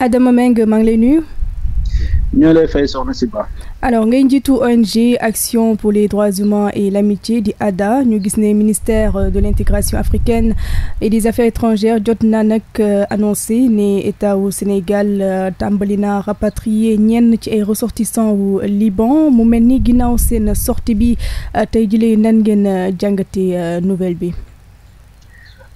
Adama Mbengue maa ngi lay nuyu. ñoo lay fay soxna si baax. alors ngay njiitu ONG action pour les droits humains et l'amitié di ADHA ñu gis ne ministère de l'intégration africaine et des affaires étrangères jot na nag euh, annoncé ne état wu Sénégal euh, tàmbali na rapatrier ci ay ressortissants wu Liban mu mel ni ginnaaw seen sorti bi euh, tey jii nan ngeen jàngate nouvelle bi.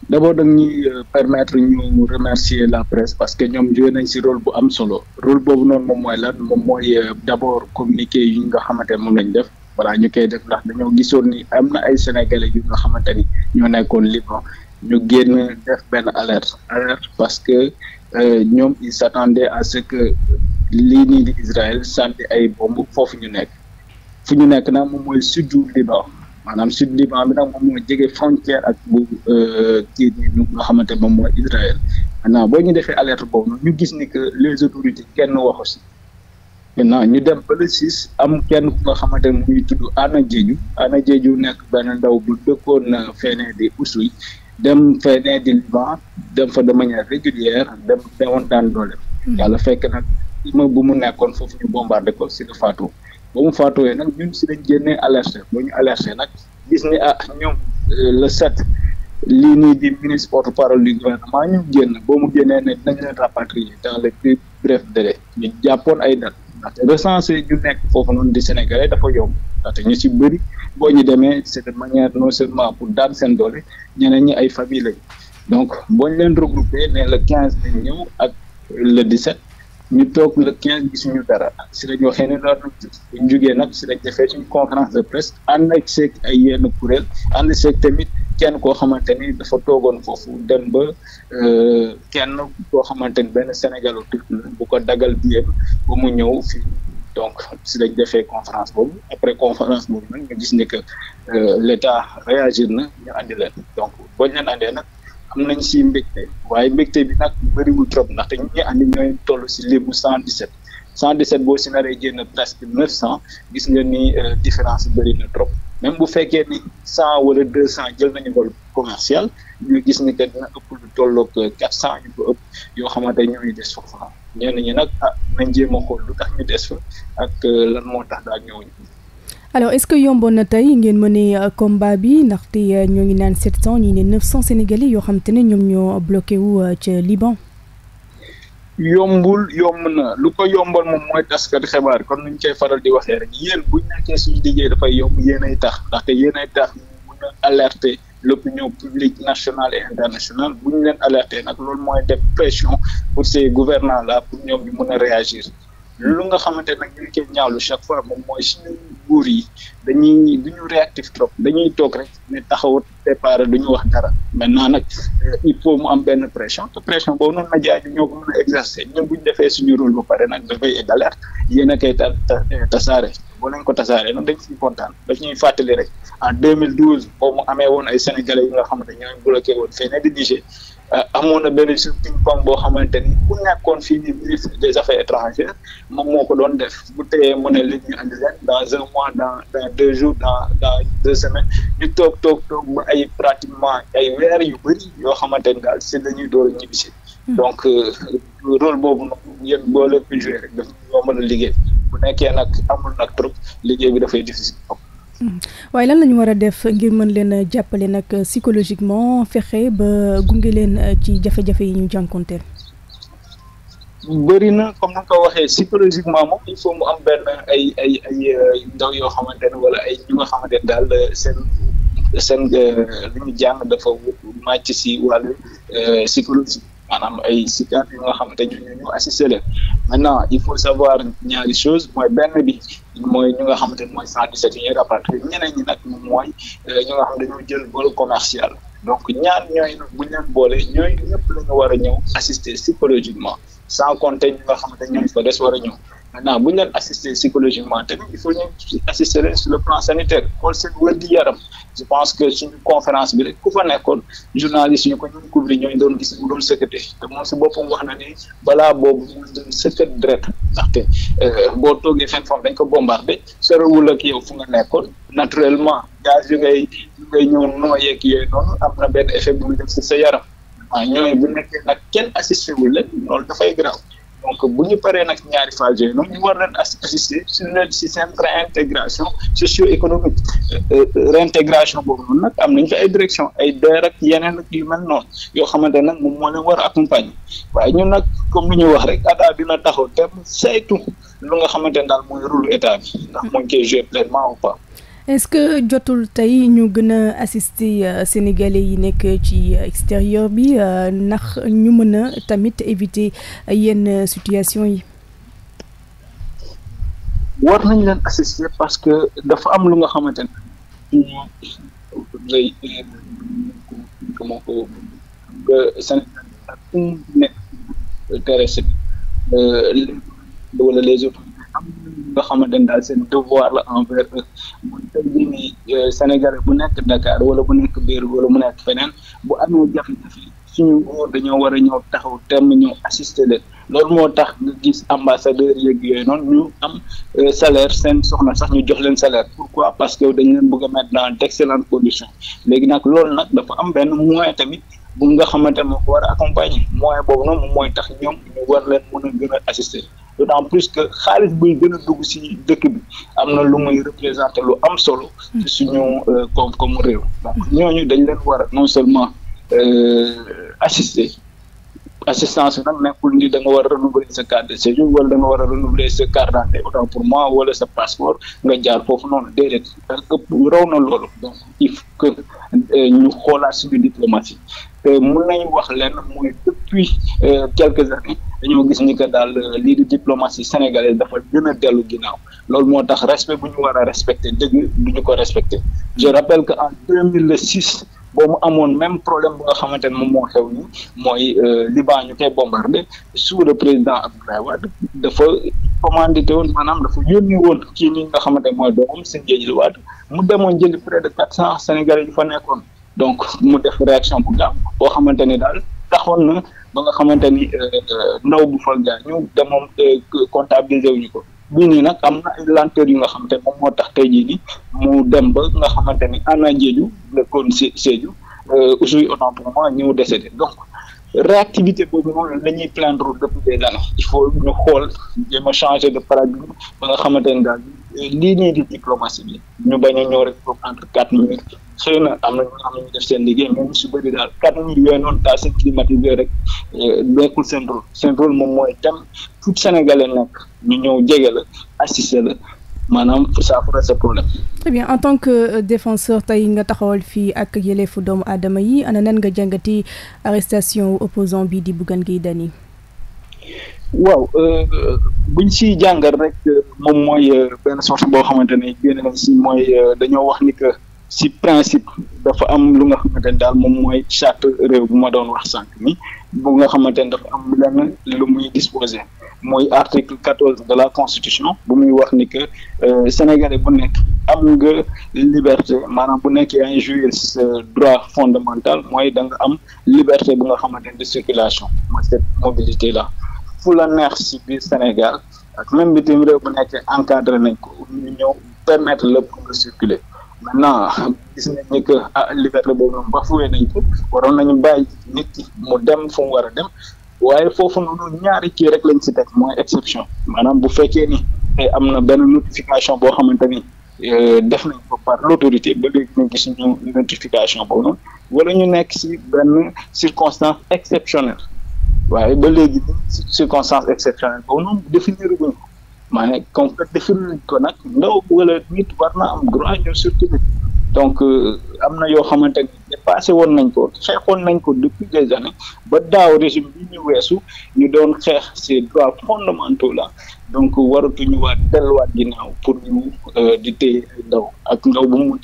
d' abord da ñuy euh, permettre ñu remercier la presse parce que ñoom joué nañ si rôle bu am solo rôle boobu noonu moom mooy lan moom mooy euh, d' abord communiqué yi nga xamante ne moom lañ def voilà ñu koy def ndax dañoo gisoon ni am na ay sénégalais yu nga xamante ni ñoo nekkoon Liban ñu génn def benn alerte alerte parce que euh, ñoom ils s'attendaient à ce que lii nii di Israël sànni ay bomb foofu ñu nekk fu ñu nekk na moom mooy sud du Liban maanaam sud Liban bi nag moom moo jege frontière ak bu euh, kii bi nga xamante moom mooy Israël maintenant boo ñu defee alert boobu ñu gis ni que les autorités kenn waxu si maintenant ñu dem ba le am kenn ku nga xamante ne muy tudd Anna Diédhiou Anna Diédhiou nekk benn ndaw bu dëkkoon euh, fenee di Oussouye dem fenee di Liban dem fa de manière régulière dem demoon daan doole hmm. yàlla fekk nag immeuble bu mu nekkoon foofu ñu bombardé ko si la faatu ba mu faatuwee nag ñun si lañ génnee alerté ba ñu alerté nag gis ni ah ñoom euh, le sept lii nii di ministre porte-parole du gouvernement ñu génn boo mu génnee ne dinañ leen rapatrier dans les plus brefs délais ñu jàppoon ay date ndaxte recensé ñu nekk foofu noonu di Sénégalais dafa yomb ndaxte ñu si bëri boo ñu demee c'est de manière non seulement pour daan seen doole ñeneen ñi ay famille lañ donc boo ñu leen regroupé ne le quinze nañ ñëw ak le dix-sept ñu toog le quinze gisuñu dara si lañ waxee ne daal ñu jógee nag si lañ defee suñu conférence de presse ànd ak seeg ay yenn kuréel ànd seeg tamit kenn koo xamante ni dafa toogoon foofu dem ba euh, kenn koo xamante ni benn Sénégal turc la bu ko dagal biir ba mu ñëw fii donc si lañ defee conférence boobu après conférence boobu nag ñu gis ni que euh, l' état réagir na ñu andi leen donc bañ leen andee nag. am nañ si mbégte waaye mbégte bi nag bëriwul trop ndaxte ñi andi ñooy toll si limu cent dix sept cent dix sept boo si naree génn presque neuf cent gis nga ni euh, différence bëri na trop même bu fekkee ni cent wala deux cent jël nañu vol commercial ñu gis ni que dina ëpp lu tolloog euh, quatre cent ñu ko ëpp yoo xamante ñooy des foofu ñenn ñu nag ah nañ jéem a xool lu tax ñu des fa ak euh, lan moo tax daal ñëw ñu alors est-ce que yomboon na tey ngeen mënee euh, combat bi ndaxte euh, ñoo ngi naan 700 ñii ne 900 sénégalais yoo xam te ne ñoom ñoo bloqué wu euh, ca Liban. yombul yomb na lu ko yombal moom mooy taskati xibaar kon nuñ koy faral di waxee rek yéen buñ nekkee suñu liggéey dafay yomb yéen ay tax ndaxte yéen ay tax mun a alerter. l'opinion publique nationale et internationale bu ñu leen alerté nag loolu mooy def pression pour ces gouvernants là pour ñoom ñu mën a réagir lu nga xamante nag ñu ngi koy ñaawlu chaque fois moom mooy nguur yi dañuy du ñu réactif trop dañuy toog rek ne taxawut préparé du ñu wax dara maintenant nag euh, il faut mu am benn pression te pression boobu noonu na jaay bi ñoo ko mën a exercer ñun bu ñu defee suñu rôle ba pare nag de veille et d'alerte yéen a koy ta euh, tasaare boo leen ko tasaaree noonu dañ siy kontaan daf ñuy fàttali rek en 2012 boobu mu amee woon ay sénégalais yi nga xamante ñooy bloqué woon fii ne Euh, amoon a benn ping pong boo xamante ni bu nekkoon fii nii ministre des affaires étrangères moom moo ko doon def bu teyee mu ne li a andi leen dans mois dans dans deux jours dans dans deux semaines ñu toog toog toog ba ay pratiquement ay weer yu bëri yoo xamante ni daal si la ñuy door a ñibbisi hmm. donc euh, rôle boobu noonu yéen boo leen pu joué rek mën a liggéey bu nekkee nag amul nag trop liggéey bi dafay difficile waaye lan lañu ñu war a def ngir mën leen jàppale nag psychologiquement fexe ba gunge leen euh, ci jafe-jafe yi ñu jànkonteel. bëri na comme ni nga ko waxee psychologiquement moom il faut mu am benn ay ay ay euh, ndaw yoo xamante ne wala ay ñu daal euh, seen seen li ñu jàng si wàllu psychologie maanaam ay psychiatre yu nga il faut savoir ñaari chose mooy benn bi. mooy ñu nga xamante ni mooy cent dix sept yi ñuy ñeneen ñi nag moom mooy euh, ñu nga xam ne jël vol commercial donc ñaan ñooy nag bu ñu leen boole ñooy ñëpp la ñu war a ñëw assister psychologiquement sans compter ñu nga xamante ñoom fa des war a ñëw maintenant bu ñu leen assister psychologiquement te il faut ñu assister leen sur le plan sanitaire xool seen wér yaram je pense que suñu conférence bi rek ku fa nekkoon journaliste ñu ko ñun couvrir ñooy doon gis mu doon sëkkate te moom si boppam wax na ni balaa boobu mu doon sëkkat dret ndaxte euh, boo toogee fenn fam dañ ko bombardé sorewul ak yow fu nga nekkoon naturellement gaz yu ngay yu ngay ñëw nooyeeg yooyu noonu am na benn effet bu mu def si sa yaram waaw ñooy bu nekkee nag kenn assisté wul leen loolu dafay grave donc bu ñu paree nag ñaari phase yooyu noonu ñu war leen assister sur leen si seen réintégration socio-économique euh, euh, réintégration boobu noonu nag am nañ ko ay direction ay DER ak yeneen ak yu mel noonu yoo xamante nag moom moo leen war a accompagner waaye ñun nag comme lu ñu wax rek état dina taxaw dem saytu lu nga xamante ne daal mooy rôle état bi ndax mooy koy jouer pleinement ou pas est-ce que jotul tey ñu gën a assister euh, sénégalais yi nekk ci extérieur bi euh, ndax ñu mën a tamit éviter yenn situation yi. war nañ leen assister parce que dafa am lu nga xamante ne euh, wala les am nga xamante ne daal seen devoir la envers eux bu tey jii nii euh, Sénégalais bu nekk ndakaar wala bu nekk biir wala mu nekk feneen bu amee jafe-jafe suñu nguur dañoo war a ñëw taxaw temm ñëw assister leen loolu moo tax nga gis ambassadeur yeeg yooyu noonu ñu am euh, salaire seen soxna sax ñu jox leen salaire pourquoi parce que dañ leen bëgg a mettre dans d'excellentes conditions léegi nag loolu nag dafa am benn moyen tamit bu nga xamante moo ko war a accompagner moyen boobu noonu mooy ñoom ñu war leen mën d'autant plus que xaalis buy gën a dugg si dëkk bi am na lu muy représenté lu am solo ci suñu euh, koom-koomu réew donc ñooñu dañ leen war non seulement euh, assister assistance nag nekkul ni da nga war a renouveler sa carte de séjour wala da war a renouveler sa carte d'identité autant pour moi wala sa passeport nga jaar foofu noonu déedéet parce que raw na loolu donc il faut que euh, ñu xoolaat suñu diplomatie te euh, mën nañu wax lenn mooy depuis euh, quelques années dañoo gis ni que daal lii di diplomatie sénégalaise dafa gën a dellu ginnaaw loolu moo tax respect bu ñu war a respecter dëgg du ñu ko respecter je rappelle que en deux boobu amoon même problème bu nga xamante ne moom moo xew ni mooy euh, Liban ñu koy bombardé sous le président Abdoulaye Wade dafa commandité woon maanaam dafa yónni woon kii ni nga xamante ne mooy doomam seen jéejil Wade mu demoon jëli près de quatre cent Sénégalais yu fa nekkoon donc mu def réaction bu gaaw boo xamante ne daal taxoon na ba nga xamante ni euh, euh, ndaw bu fa gaañu demoom comptabiliser wuñu ko lii nii nag am na ay lenteur yu nga xamante ne moom moo tax tey jii mu dem ba nga xamante ni Anna Diédhiou nekkoon Sédhiou aussi autant pour moi ñëw décédé donc réactivité boobu noonu la ñuy plaindre depuis des années il faut ñu xool jéem a changé de paradigme ba nga xamante ne daal lii nii di diplomatie bi ñu bañ a ñëw rek pour entre quatre minutes xëy na am na ñoo ñu def seen liggéey mais ñu si bëri daal quatre minutes yooyu noonu seen climatisé rek euh, nekkul seen rôle seen rôle moom mooy dem tout Sénégalais nag ñu ñëw jege la assister la maanaam saafara sa problème. très bien en tant que euh, défenseur tey nga taxawal fii ak yëleefu doomu adama yi ana nan nga jàngati arrestation opposant bi di Bougane Gueye Dany. waaw euh, buñ siy jàngal rek euh, moom mooy benn sorte boo xamante ne mooy dañoo wax ni que si principe dafa am lu nga xamante ne daal moom mooy charte réew bu ma doon wax sànq mi bu nga xamante ne dafa am lenn lu muy disposé. muy article quatorze de la constitution bu muy wax ni que euh, sénégalais bu nekk am nga liberté maanaam bu nekk yaa ngi jouir sa droit fondamental mooy da nga am liberté bu nga xamante ne de circulation ma cette mobilité là fu la neex si biir Sénégal ak même bitim réew bu nekkee encadre nañ ko ñu ñëw permettre la pour nga circuler maintenant gis nañ ni que ah, liberté boobu noonu ba fuwee nañ ko waroon nañu bàyyi nit ki mu dem fu mu war a dem waaye foofu noonu ñaari kii rek lañ si def mooy exception maanaam bu fekkee ni eh, am na benn notification boo xamante ni eh, def nañ ko par l'autorité ba léegi ñu gis ñu notification boobu noonu wala ñu nekk si benn circonstance exceptionnelle waaye ba léegi nii circonstance exceptionnelle boobu noonu définir guñ ko maanaam comme que définir ko nag ndaw wala nit war na am droit ñëw surtout donc euh, am na yoo xamante ni dépassé woon nañ ko xeexoon nañ ko depuis des années ba daaw régime bi ñu weesu ñu doon xeex ces droits fondamentaux là donc waratuñu waat delluwaat ginnaaw pour ñu euh, di téye ndaw ak ndaw bu mu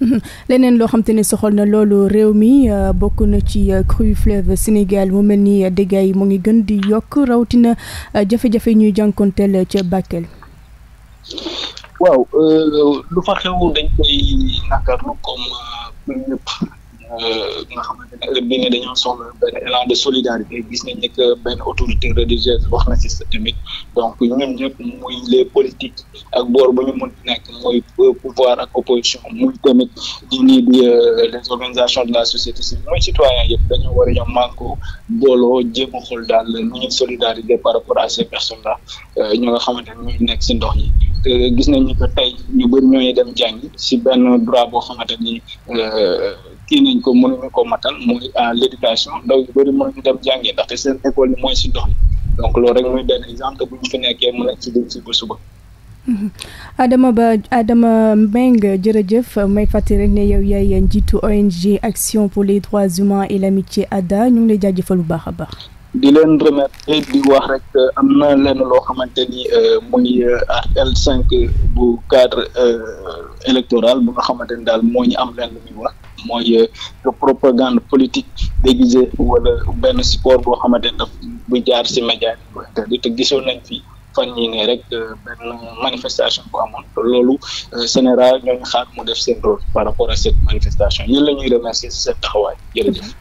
mhm. leneen loo xam te ne soxal na loolu réew mi euh, bokk na ci crue fleuve Sénégal mu mel ni dégâts yi mu ngi gën di yokk rawatina jafe-jafe ñuy jànkonteel ca Bakel. waaw euh, lu fa xew dañ koy nakarlu comme pour euh, ñëpp euh, nga xamante ne heure bii ne dañoo soxla benn élan de solidarité gis nañ ne que benn autorité religieuse wax na si sa tamit donc ñun ñëpp muy les politiques ak boor bu ñu mën nekk muy pouvoir ak opposition muy tamit di nii di les organisations de la société civile muy citoyens yëpp dañoo war a ñoom manko booloo jéem a xool daal nu solidarité par rapport à ces personnes là ñu nga xamante ne ñuy nekk si ndox yi gis nañ ni que tey ñu bëri ñooñu dem jàngi si benn droit boo xamante euh, kii nañ ko mënuñu ko matal mooy euh, l' éducation ndaw bëri mënuñu dem jàngi ndaxte seen école yi mooy si dox donc lool rek muy benn exemple bu ñu fi nekkee mën a ci dégg si ba suba. Mm-hmm. Adama Ba Adama Mbengue jërëjëf may fàttali rek ne yow yaay njiitu ONG Action pour les droits humains et l'amitié ADHA ñu ngi lay jaajëfal bu baax a baax. di leen remercier di wax rek am na leen loo xamante ni euh, muy euh, article cinq bu cadre euh, électoral bu nga xamante ni daal moo ñu am lenn lu muy wax mooy propagande politique déguisée wala benn support boo xamante ni daf bu jaar ci média bi te gisoon nañ fi. fan yii ne rek benn manifestation bu amoon loolu général ñoo ngi xaar mu def seen rôle par rapport à cette manifestation ñun la ñuy remercier seen taxawaay jërëjëf